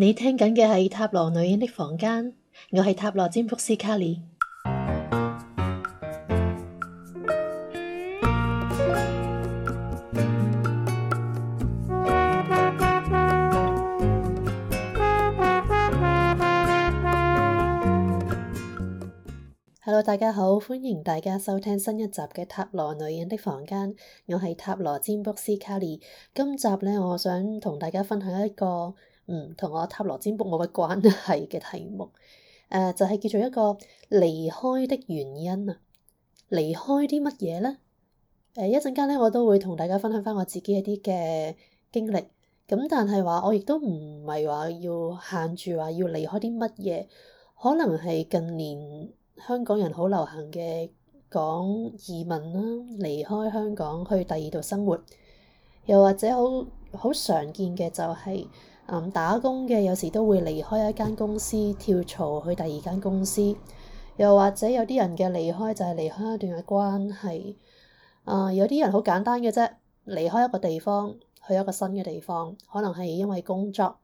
你聽緊嘅係《塔羅女人的房間》，我係塔羅占卜師卡莉。Hello，大家好，歡迎大家收聽新一集嘅《塔羅女人的房間》，我係塔羅占卜師卡莉。今集呢，我想同大家分享一個。嗯，同我塔羅占卜冇乜關係嘅題目，誒、呃，就係、是、叫做一個離開的原因啊。離開啲乜嘢咧？誒、呃，一陣間咧，我都會同大家分享翻我自己一啲嘅經歷。咁但係話，我亦都唔係話要限住話要離開啲乜嘢，可能係近年香港人好流行嘅講移民啦，離開香港去第二度生活，又或者好好常見嘅就係、是。打工嘅有時都會離開一間公司跳槽去第二間公司，又或者有啲人嘅離開就係離開一段嘅關係。呃，有啲人好簡單嘅啫，離開一個地方去一個新嘅地方，可能係因為工作、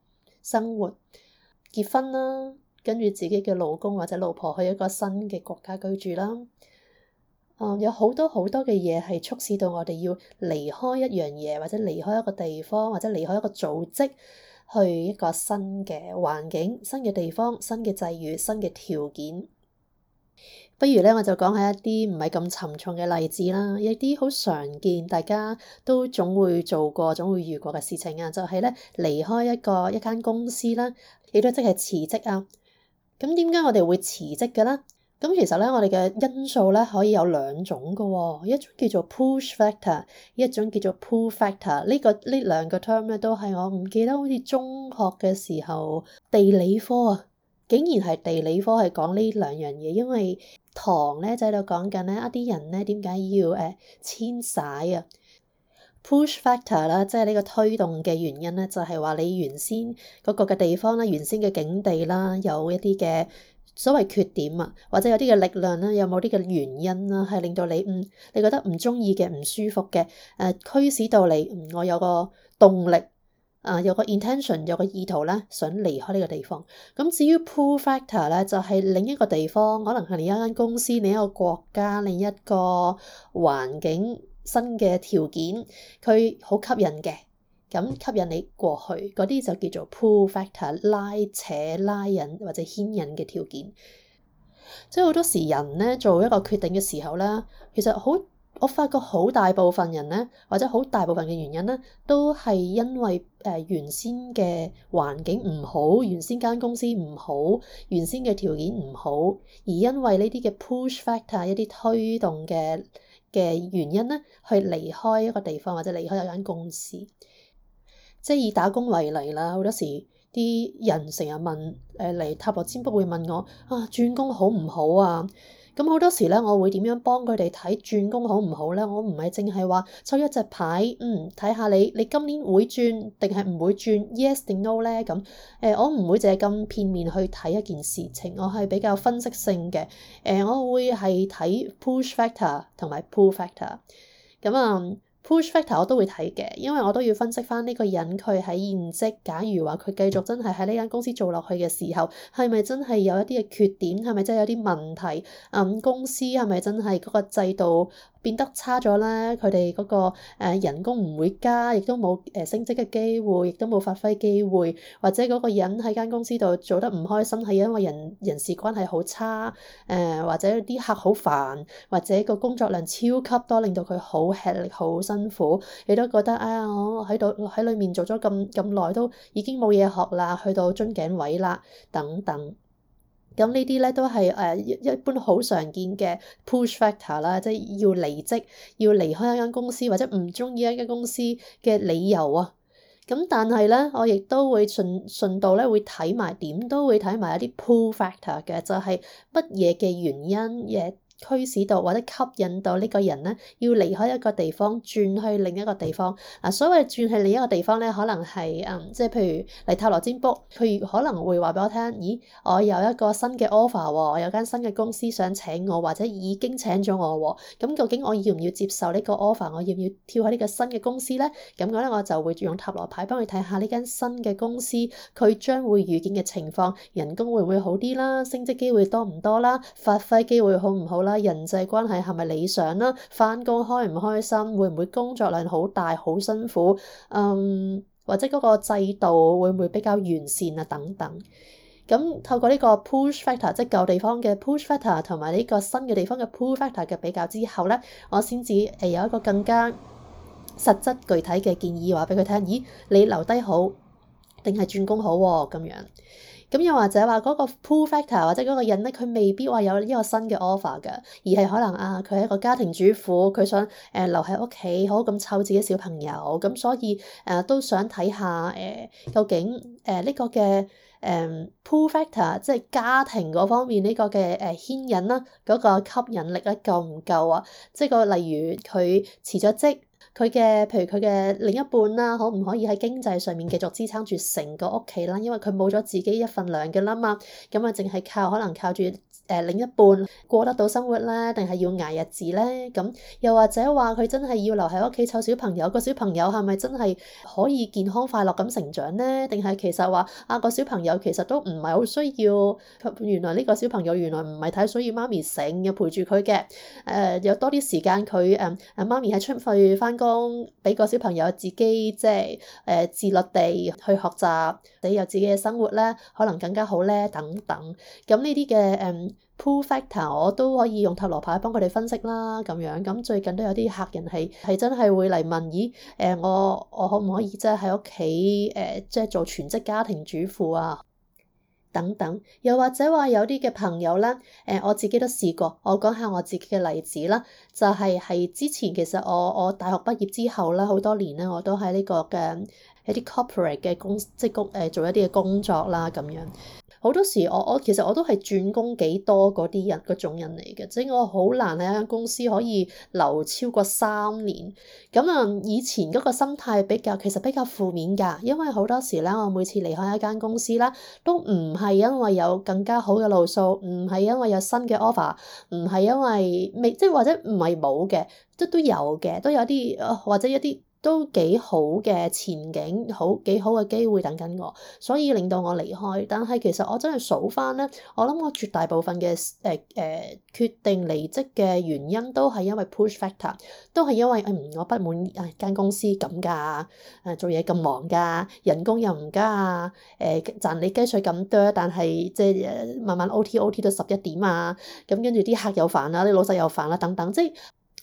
生活、結婚啦，跟住自己嘅老公或者老婆去一個新嘅國家居住啦。呃，有好多好多嘅嘢係促使到我哋要離開一樣嘢，或者離開一個地方，或者離開一個組織。去一個新嘅環境、新嘅地方、新嘅際遇、新嘅條件。不如咧，我就講下一啲唔係咁沉重嘅例子啦，一啲好常見，大家都總會做過、總會遇過嘅事情啊，就係咧離開一個一間公司啦，亦都即係辭職啊。咁點解我哋會辭職嘅咧？咁其實咧，我哋嘅因素咧可以有兩種嘅喎、哦，一種叫做 push factor，一種叫做 pull factor、這個。呢個呢兩個 term 咧都係我唔記得，好似中學嘅時候地理科啊，竟然係地理科係講呢兩樣嘢。因為堂咧就喺度講緊咧一啲人咧點解要誒遷徙啊？Push factor 啦，即係呢個推動嘅原因咧，就係、是、話你原先嗰個嘅地方咧，原先嘅境地啦，有一啲嘅。所謂缺點啊，或者有啲嘅力量咧，有冇啲嘅原因啦，係令到你唔、嗯、你覺得唔中意嘅、唔舒服嘅，誒、呃、驅使到你唔、嗯、我有個動力啊、呃，有個 intention 有個意圖咧，想離開呢個地方。咁至於 pull factor 咧，就係、是、另一個地方，可能係另一間公司、另一個國家、另一個環境、新嘅條件，佢好吸引嘅。咁吸引你過去嗰啲就叫做 pull factor 拉扯拉引或者牽引嘅條件。即係好多時人咧做一個決定嘅時候咧，其實好我發覺好大部分人咧，或者好大部分嘅原因咧，都係因為誒、呃、原先嘅環境唔好，原先間公司唔好，原先嘅條件唔好，而因為呢啲嘅 push factor 一啲推動嘅嘅原因咧，去離開一個地方或者離開有一間公司。即係以打工為例啦，好多時啲人成日問，誒嚟塔羅占卜會問我啊轉工好唔好啊？咁好多時咧，我會點樣幫佢哋睇轉工好唔好咧？我唔係淨係話抽一隻牌，嗯，睇下你你今年會轉定係唔會轉，yes 定 no 咧？咁誒，我唔會淨係咁片面去睇一件事情，我係比較分析性嘅。誒、呃，我會係睇 push factor 同埋 pull factor。咁啊。Push factor 我都會睇嘅，因為我都要分析返呢個人佢喺現職。假如話佢繼續真係喺呢間公司做落去嘅時候，係咪真係有一啲嘅缺點？係咪真係有啲問題？嗯，公司係咪真係嗰個制度變得差咗咧，佢哋嗰個誒、呃、人工唔會加，亦都冇誒升職嘅機會，亦都冇發揮機會，或者嗰個人喺間公司度做得唔開心，係因為人人事關係好差，誒、呃、或者啲客好煩，或者個工作量超級多，令到佢好吃力，好辛苦，亦都覺得哎呀，我喺度喺裡面做咗咁咁耐都已經冇嘢學啦，去到樽頸位啦，等等。咁呢啲咧都係誒一一般好常見嘅 push factor 啦，即係要離職、要離開一間公司或者唔中意一間公司嘅理由啊。咁但係咧，我亦都會順順道咧會睇埋點，都會睇埋一啲 pull factor 嘅，就係乜嘢嘅原因驅使到或者吸引到呢個人咧，要離開一個地方轉去另一個地方。嗱、啊，所謂轉去另一個地方咧，可能係嗯，即係譬如嚟塔羅占卜，佢可能會話俾我聽，咦，我有一個新嘅 offer 喎，有間新嘅公司想請我，或者已經請咗我喎。咁、嗯、究竟我要唔要接受呢個 offer？我要唔要跳喺呢個新嘅公司咧？咁我咧，我就會用塔羅牌幫佢睇下呢間新嘅公司，佢將會遇見嘅情況，人工會唔會好啲啦？升職機會多唔多啦？發揮機會好唔好啦？人際關係係咪理想啦、啊？返工開唔開心？會唔會工作量好大、好辛苦？嗯，或者嗰個制度會唔會比較完善啊？等等。咁透過呢個 push factor，即係舊地方嘅 push factor，同埋呢個新嘅地方嘅 push factor 嘅比較之後咧，我先至誒有一個更加實質具體嘅建議，話俾佢聽，咦，你留低好定係轉工好咁、啊、樣？咁又或者話嗰個 pull factor 或者嗰個人咧，佢未必話有呢個新嘅 offer 嘅，而係可能啊，佢係一個家庭主婦，佢想誒、呃、留喺屋企好好咁湊自己小朋友咁，所以誒、呃、都想睇下誒、呃、究竟誒呢、呃這個嘅誒、呃、pull factor 即係家庭嗰方面呢、這個嘅誒牽引啦、啊、嗰、那個吸引力咧夠唔夠啊？即係個例如佢辭咗職。佢嘅，譬如佢嘅另一半啦，可唔可以喺經濟上面繼續支撐住成個屋企啦？因為佢冇咗自己一份糧嘅啦嘛，咁啊，淨係靠可能靠住。誒、呃、另一半過得到生活咧，定係要捱日子咧？咁、嗯、又或者話佢真係要留喺屋企湊小朋友，個小朋友係咪真係可以健康快樂咁成長咧？定係其實話啊個小朋友其實都唔係好需要。原來呢個小朋友原來唔係太需要，所以媽咪醒，又陪住佢嘅。誒、呃，有多啲時間佢誒、嗯，媽咪係出去翻工，俾個小朋友自己即係誒、呃、自立地去學習，你有自己嘅生活咧，可能更加好咧。等等。咁呢啲嘅誒。Pull factor，我都可以用塔羅牌幫佢哋分析啦咁樣。咁最近都有啲客人係係真係會嚟問，咦？誒，我我可唔可以即係喺屋企誒，即、呃、係做全職家庭主婦啊？等等。又或者話有啲嘅朋友咧，誒、呃，我自己都試過。我講下我自己嘅例子啦，就係、是、係之前其實我我大學畢業之後咧，好多年咧，我都喺呢個嘅一啲 corporate 嘅工職工誒、呃、做一啲嘅工作啦咁樣。好多時我我其實我都係轉工幾多嗰啲人嗰種人嚟嘅，即係我好難喺一間公司可以留超過三年。咁啊，以前嗰個心態比較其實比較負面㗎，因為好多時咧，我每次離開一間公司啦，都唔係因為有更加好嘅路數，唔係因為有新嘅 offer，唔係因為未即係或者唔係冇嘅，即都有嘅，都有啲或者一啲。都幾好嘅前景，好幾好嘅機會等緊我，所以令到我離開。但係其實我真係數翻咧，我諗我絕大部分嘅誒誒決定離職嘅原因都係因為 push factor，都係因為誒、哎、我不滿誒間公司咁㗎，誒做嘢咁忙㗎，人工又唔加啊，誒、呃、賺你雞碎咁多，但係即係慢慢 O T O T 到十一點啊，咁跟住啲客又煩啦，啲老細又煩啦，等等即係。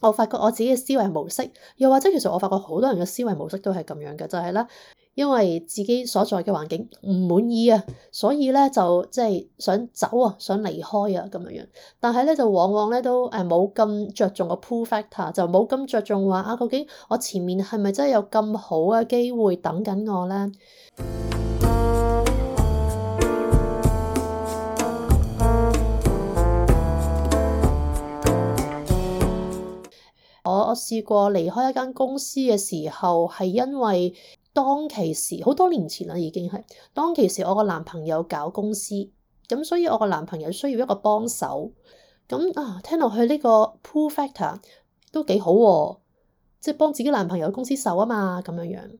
我發覺我自己嘅思維模式，又或者其實我發覺好多人嘅思維模式都係咁樣嘅，就係咧，因為自己所在嘅環境唔滿意啊，所以咧就即係想走啊，想離開啊咁樣樣。但係咧就往往咧都誒冇咁着重個 pull factor，就冇咁着重話啊，究竟我前面係咪真係有咁好嘅機會等緊我咧？我試過離開一間公司嘅時候，係因為當其時好多年前啦，已經係當其時我個男朋友搞公司，咁所以我個男朋友需要一個幫手。咁啊，聽落去呢個 pull factor 都幾好，啊，即係幫自己男朋友公司手啊嘛，咁樣樣。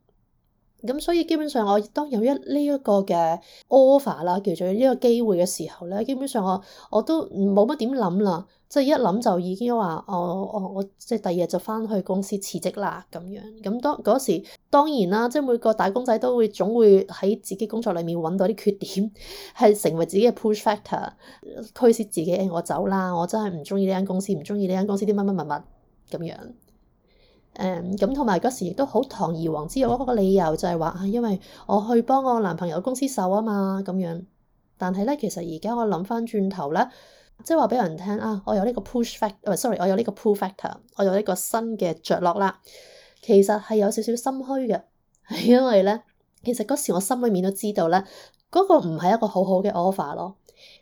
咁所以基本上我當有一呢一個嘅 offer 啦，叫做呢個機會嘅時候咧，基本上我我都冇乜點諗啦。即係一諗就已經話，我我我即係第二日就翻去公司辭職啦咁樣。咁當嗰時當然啦，即係每個打工仔都會總會喺自己工作裡面揾到啲缺點，係成為自己嘅 push factor，驅使自己我走啦。我真係唔中意呢間公司，唔中意呢間公司啲乜乜乜乜，咁樣。誒咁同埋嗰時亦都好堂而皇之，嗰個理由就係話啊，因為我去幫我男朋友公司手啊嘛咁樣。但係咧，其實而家我諗翻轉頭咧。即係話畀人聽啊！我有呢個 push factor，唔係 sorry，我有呢個 pull factor，我有呢個新嘅着落啦。其實係有少少心虛嘅，係因為咧，其實嗰時我心裏面都知道咧，嗰個唔係一個好好嘅 offer 咯。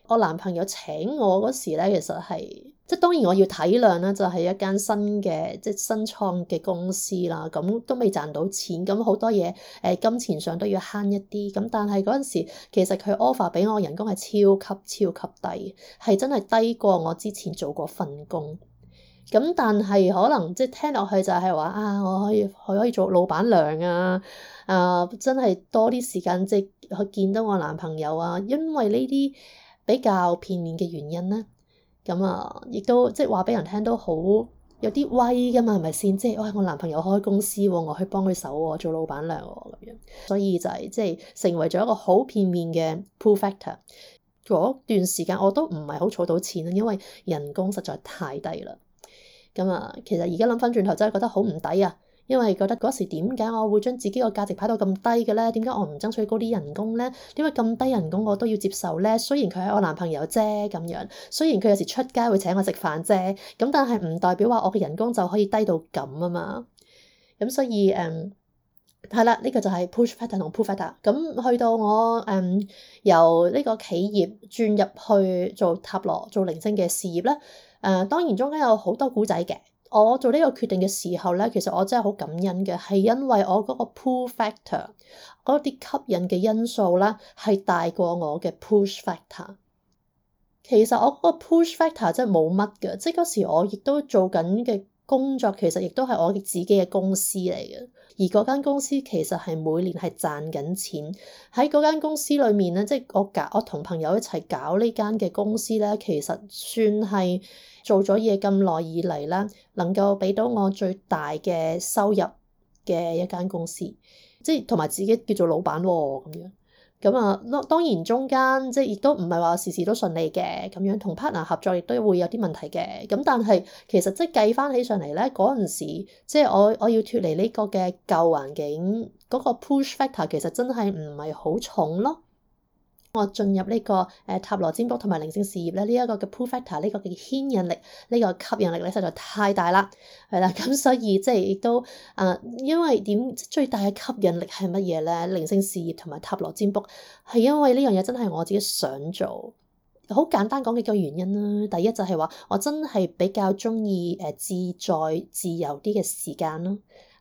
我男朋友請我嗰時咧，其實係。即係當然我要體諒啦，就係一間新嘅即新創嘅公司啦，咁都未賺到錢，咁好多嘢誒金錢上都要慳一啲，咁但係嗰陣時其實佢 offer 畀我人工係超級超級低，係真係低過我之前做過份工，咁但係可能即係聽落去就係話啊，我可以我可以做老闆娘啊，啊真係多啲時間即係去見到我男朋友啊，因為呢啲比較片面嘅原因咧。咁啊，亦、嗯、都即係話畀人聽都好有啲威㗎嘛，係咪先？即係、哎、我男朋友開公司喎，我去幫佢手喎，做老闆娘喎咁樣，所以就係、是、即係成為咗一個好片面嘅 pull factor。嗰段時間我都唔係好儲到錢，因為人工實在太低啦。咁、嗯、啊，其實而家諗翻轉頭真係覺得好唔抵啊！因為覺得嗰時點解我會將自己個價值擺到咁低嘅咧？點解我唔爭取高啲人工咧？點解咁低人工我都要接受咧？雖然佢係我男朋友啫咁樣，雖然佢有時出街會請我食飯啫，咁但係唔代表話我嘅人工就可以低到咁啊嘛。咁、嗯、所以誒，係、嗯、啦，呢、這個就係 push factor 同 pull factor。咁去到我誒、嗯、由呢個企業轉入去做塔羅做靈性嘅事業咧，誒、嗯、當然中間有好多古仔嘅。我做呢個決定嘅時候咧，其實我真係好感恩嘅，係因為我嗰個 pull factor 嗰啲吸引嘅因素咧，係大過我嘅 push factor。其實我嗰個 push factor 真係冇乜嘅，即係嗰時我亦都做緊嘅。工作其實亦都係我自己嘅公司嚟嘅，而嗰間公司其實係每年係賺緊錢。喺嗰間公司裏面咧，即係我搞，我同朋友一齊搞呢間嘅公司咧，其實算係做咗嘢咁耐以嚟啦，能夠俾到我最大嘅收入嘅一間公司，即係同埋自己叫做老闆喎咁樣。咁啊，當然中間即係亦都唔係話時時都順利嘅咁樣，同 partner 合作亦都會有啲問題嘅。咁但係其實即係計翻起上嚟咧，嗰陣時即係我我要脫離呢個嘅舊環境，嗰個 push factor 其實真係唔係好重咯。我進入呢個誒塔羅占卜同埋靈性事業咧，呢、這、一個嘅 pull factor，呢個嘅牽引力，呢、這個吸引力咧，實在太大啦，係啦，咁所以即係亦都啊、呃，因為點最大嘅吸引力係乜嘢咧？靈性事業同埋塔羅占卜係因為呢樣嘢真係我自己想做，好簡單講幾個原因啦。第一就係話我真係比較鍾意誒自在自由啲嘅時間咯。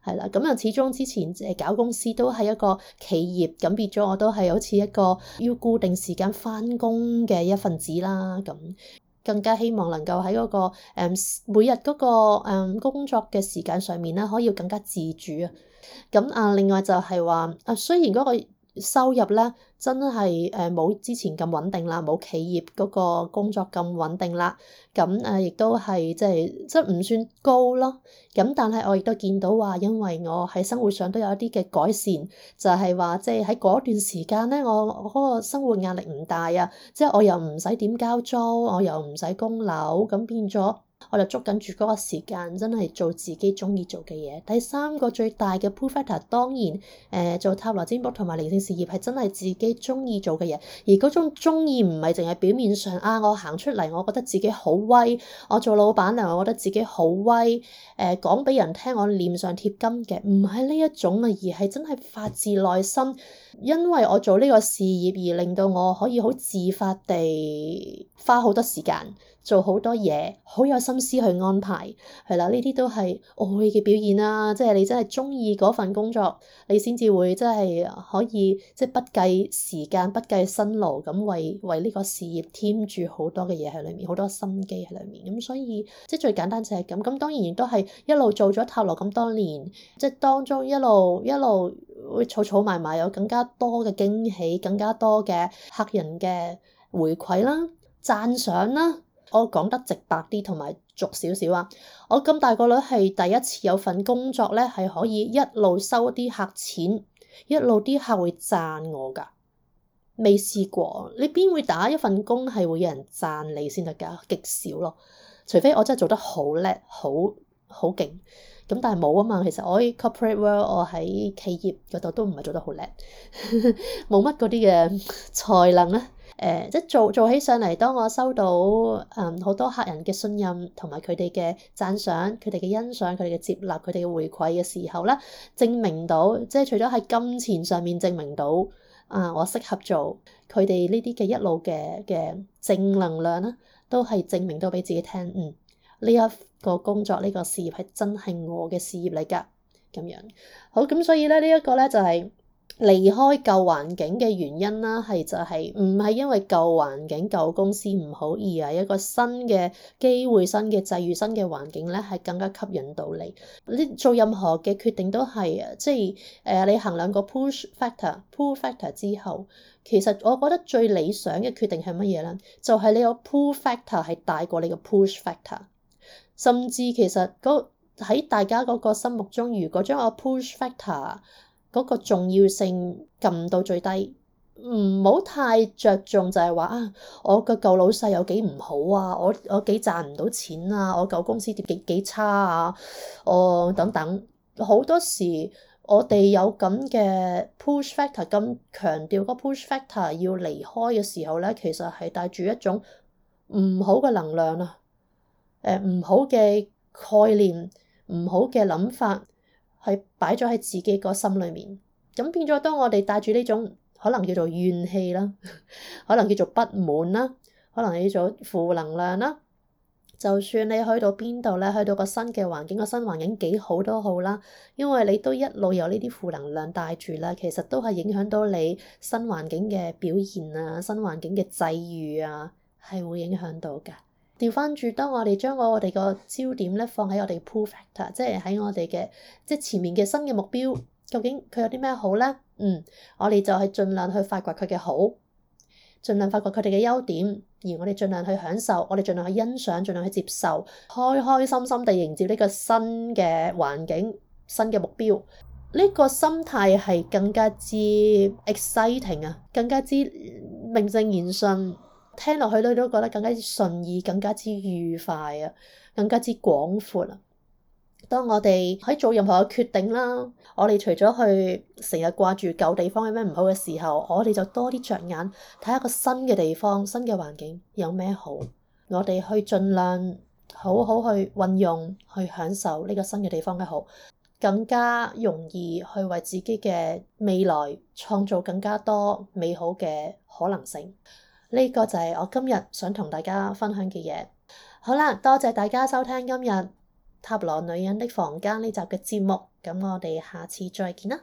係啦，咁啊始終之前誒搞公司都係一個企業，咁變咗我都係好似一個要固定時間翻工嘅一份子啦，咁更加希望能夠喺嗰個誒每日嗰個誒工作嘅時間上面咧，可以更加自主啊！咁啊，另外就係話啊，雖然嗰個收入咧真係誒冇之前咁穩定啦，冇企業嗰個工作咁穩定啦。咁誒亦都係即係即係唔算高咯。咁但係我亦都見到話，因為我喺生活上都有一啲嘅改善，就係話即係喺嗰段時間咧，我嗰個生活壓力唔大啊，即係我又唔使點交租，我又唔使供樓，咁變咗。我就捉緊住嗰個時間，真係做自己中意做嘅嘢。第三個最大嘅 p r o f e c t o r 當然誒、呃，做塔羅占卜同埋靈性事業係真係自己中意做嘅嘢。而嗰種中意唔係淨係表面上啊，我行出嚟，我覺得自己好威，我做老闆娘，我覺得自己好威。誒、呃，講俾人聽，我臉上貼金嘅，唔係呢一種啊，而係真係發自內心，因為我做呢個事業，而令到我可以好自發地花好多時間。做好多嘢，好有心思去安排，係啦。呢啲都係愛嘅表現啦、啊。即係你真係鍾意嗰份工作，你先至會真係可以即係不計時間、不計辛勞咁，為為呢個事業添住好多嘅嘢喺裡面，好多心機喺裡面。咁所以即係最簡單就係咁。咁當然亦都係一路做咗塔羅咁多年，即係當中一路一路會儲儲埋埋有更加多嘅驚喜，更加多嘅客人嘅回饋啦、讚賞啦。我講得直白啲，同埋俗少少啊！我咁大個女係第一次有份工作咧，係可以一路收啲客錢，一路啲客會讚我㗎。未試過，你邊會打一份工係會有人讚你先得㗎？極少咯，除非我真係做得好叻，好好勁。咁但係冇啊嘛，其實我喺 corporate world，我喺企業嗰度都唔係做得好叻，冇乜嗰啲嘅才能啊！誒、呃，即係做做起上嚟，當我收到嗯好多客人嘅信任同埋佢哋嘅讚賞、佢哋嘅欣賞、佢哋嘅接納、佢哋嘅回饋嘅時候咧，證明到即係除咗喺金錢上面證明到啊、嗯，我適合做佢哋呢啲嘅一路嘅嘅正能量啦，都係證明到俾自己聽，嗯，呢、呢、一個工作呢、呢個事業係真係我嘅事業嚟㗎，咁樣好咁，所以咧呢一、呢個咧就係、係。離開舊環境嘅原因啦，係就係唔係因為舊環境、舊公司唔好，而係一個新嘅機會、新嘅際遇、新嘅環境咧，係更加吸引到你。你做任何嘅決定都係，即係誒、呃、你衡量個 push factor、pull factor 之後，其實我覺得最理想嘅決定係乜嘢咧？就係、是、你個 pull factor 係大過你個 push factor，甚至其實喺、那個、大家嗰個心目中，如果將個 push factor 嗰個重要性撳到最低，唔好太着重就係話啊，我個舊老細有幾唔好啊？我我幾賺唔到錢啊？我舊公司點幾幾差啊？我等等好多時，我哋有咁嘅 push factor，咁強調個 push factor 要離開嘅時候咧，其實係帶住一種唔好嘅能量啊，誒、呃，唔好嘅概念，唔好嘅諗法。係擺咗喺自己個心裏面，咁變咗當我哋帶住呢種可能叫做怨氣啦，可能叫做不滿啦，可能叫做負能量啦，就算你去到邊度咧，去到個新嘅環境，個新環境幾好都好啦，因為你都一路有呢啲負能量帶住咧，其實都係影響到你新環境嘅表現啊，新環境嘅際遇啊，係會影響到㗎。調翻住，當我哋將我哋個焦點咧放喺我哋 pull factor，即係喺我哋嘅即係前面嘅新嘅目標，究竟佢有啲咩好咧？嗯，我哋就係盡量去發掘佢嘅好，盡量發掘佢哋嘅優點，而我哋盡量去享受，我哋盡量去欣賞，盡量去接受，開開心心地迎接呢個新嘅環境、新嘅目標。呢個心態係更加之 exciting 啊，更加之名正言順。聽落去，你都覺得更加之順意，更加之愉快啊，更加之廣闊啊。當我哋喺做任何嘅決定啦，我哋除咗去成日掛住舊地方有咩唔好嘅時候，我哋就多啲着眼睇下個新嘅地方、新嘅環境有咩好。我哋去盡量好好去運用，去享受呢個新嘅地方嘅好，更加容易去為自己嘅未來創造更加多美好嘅可能性。呢個就係我今日想同大家分享嘅嘢。好啦，多謝大家收聽今日《塔羅女人的房間》呢集嘅節目。咁我哋下次再見啦。